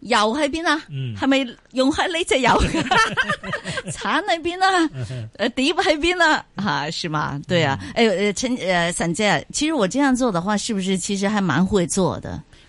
油喺邊啊？係咪、嗯、用喺呢隻油？產喺邊啊？誒、 呃，碟喺邊啊？吓、啊，是嘛？對啊，誒、嗯，陳誒、欸呃，三姐，其實我這樣做的話，是不是其實還蠻會做的？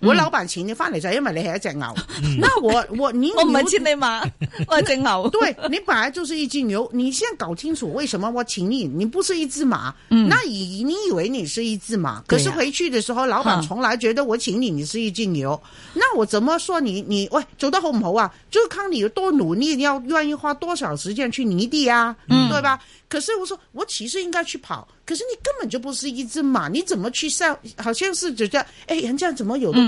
我老闆請你翻嚟就因為你係一隻牛，嗯、那我我你我唔係隻馬，我係隻牛。對你本來就是一隻牛，你先搞清楚為什麼我請你，你不是一隻馬。嗯，那以你以為你是一隻馬，可是回去的時候，啊、老闆從來覺得我請你，你是一隻牛。嗯、那我怎麼說你你喂，走得好唔好啊？就看你有多努力，你要願意花多少時間去犁地啊？嗯，對吧？可是我說我其實應該去跑，可是你根本就不是一隻馬，你怎麼去賽，好像是就叫誒，人家怎麼有、嗯？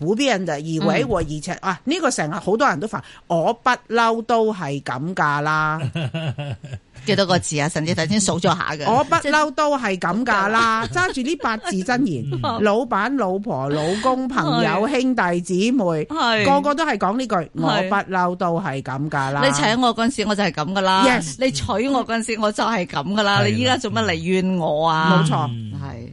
補邊人就二位，而且啊呢個成日好多人都煩，我不嬲都係咁噶啦，幾多個字啊？甚至頭先數咗下嘅，我不嬲都係咁噶啦，揸住呢八字真言，老闆、老婆、老公、朋友、兄弟姊妹，係個個都係講呢句，我不嬲都係咁噶啦。你請我嗰陣時我就係咁噶啦，Yes，你娶我嗰陣時我就係咁噶啦，你依家做乜嚟怨我啊？冇錯，係。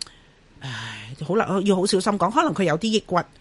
唉，好難，要好小心講，可能佢有啲抑鬱。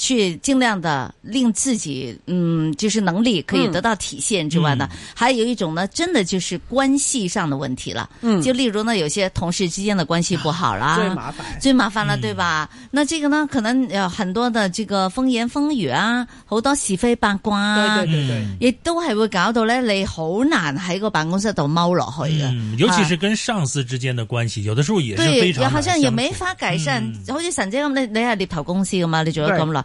去盡量的令自己，嗯，就是能力可以得到體現之外呢，嗯、還有一種呢，真的就是關係上的問題了。嗯，就例如呢，有些同事之間的關係不好啦、啊，最麻煩，最麻煩了，對吧？嗯、那這個呢，可能有很多的這個風言風語啊，好多是非八卦、啊，對，對對對對，嗯、也都還會搞到咧，你好難喺個辦公室度踎落去嘅、嗯。尤其是跟上司之間的關係，啊、有的時候也是非常。對，也好像也沒法改善，好似神姐咁，你你係獵頭公司咁嘛？你做咗咁耐。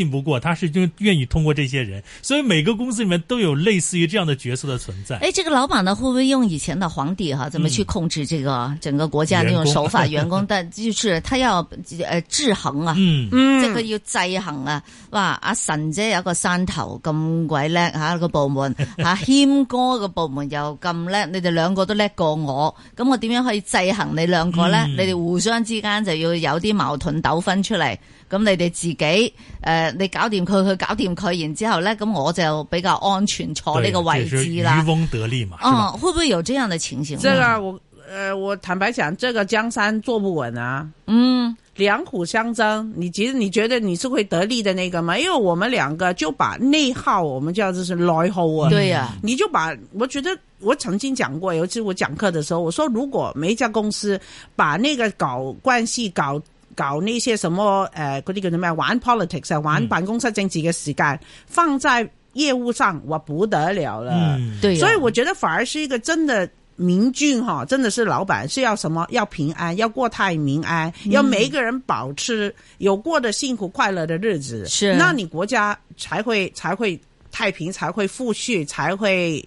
信不過，他是就願意通過這些人，所以每個公司裏面都有類似於這樣的角色的存在。誒、哎，這個老闆呢，會不會用以前的皇帝哈、啊，怎麼去控制這個、嗯、整個國家那種手法？員工但、呃、就是他要誒、呃、制衡啊，即係、嗯嗯、要制衡啊。哇，阿神姐有一個山頭咁鬼叻吓個部門阿謙、 啊、哥個部門又咁叻，你哋兩個都叻過我，咁我點樣可以制衡你兩個呢？嗯、你哋互相之間就要有啲矛盾糾紛出嚟，咁你哋自己誒。呃你搞掂佢，佢搞掂佢，然之後呢，咁我就比較安全坐呢個位置啦。啊、就是漁翁得利嘛。哦、嗯，吧會不會有這樣的情形？這個、啊、我，呃，我坦白講，這個江山坐不穩啊。嗯，兩虎相爭，你其實你覺得你是會得利的那個嗎？因為我們兩個就把內耗，我們叫就是內耗啊。對呀、啊，你就把，我覺得我曾經講過，尤其我講課的時候，我說如果每一家公司把那個搞關係搞。搞那些什麼呃，嗰啲叫咩玩 politics 啊，玩辦公室政治嘅時間，嗯、放在業務上我不得了啦。嗯，對、哦。所以我覺得反而是一個真的明君哈，真的是老闆是要什麼？要平安，要國泰民安，嗯、要每一個人保持有過得幸福快樂的日子。是。那你國家才會才會太平，才會富庶，才會。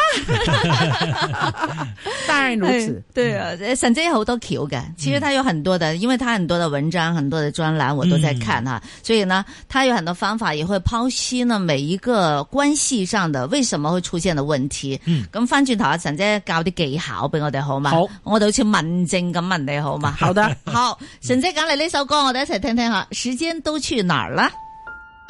當然 如此，哎。對啊，神姐、嗯、有好多橋㗎。其實他有很多的，因為他很多的文章，很多的專欄我都在看哈。嗯、所以呢，他有很多方法，也會剖析呢每一個關係上的為什麼會出現的問題。嗯，返轉頭啊神姐教啲技巧俾我哋好嘛？好，我哋好似問政咁問你好嘛？好的，好，神姐揀嚟呢首歌，我哋一齊聽聽下，時間都去哪兒了？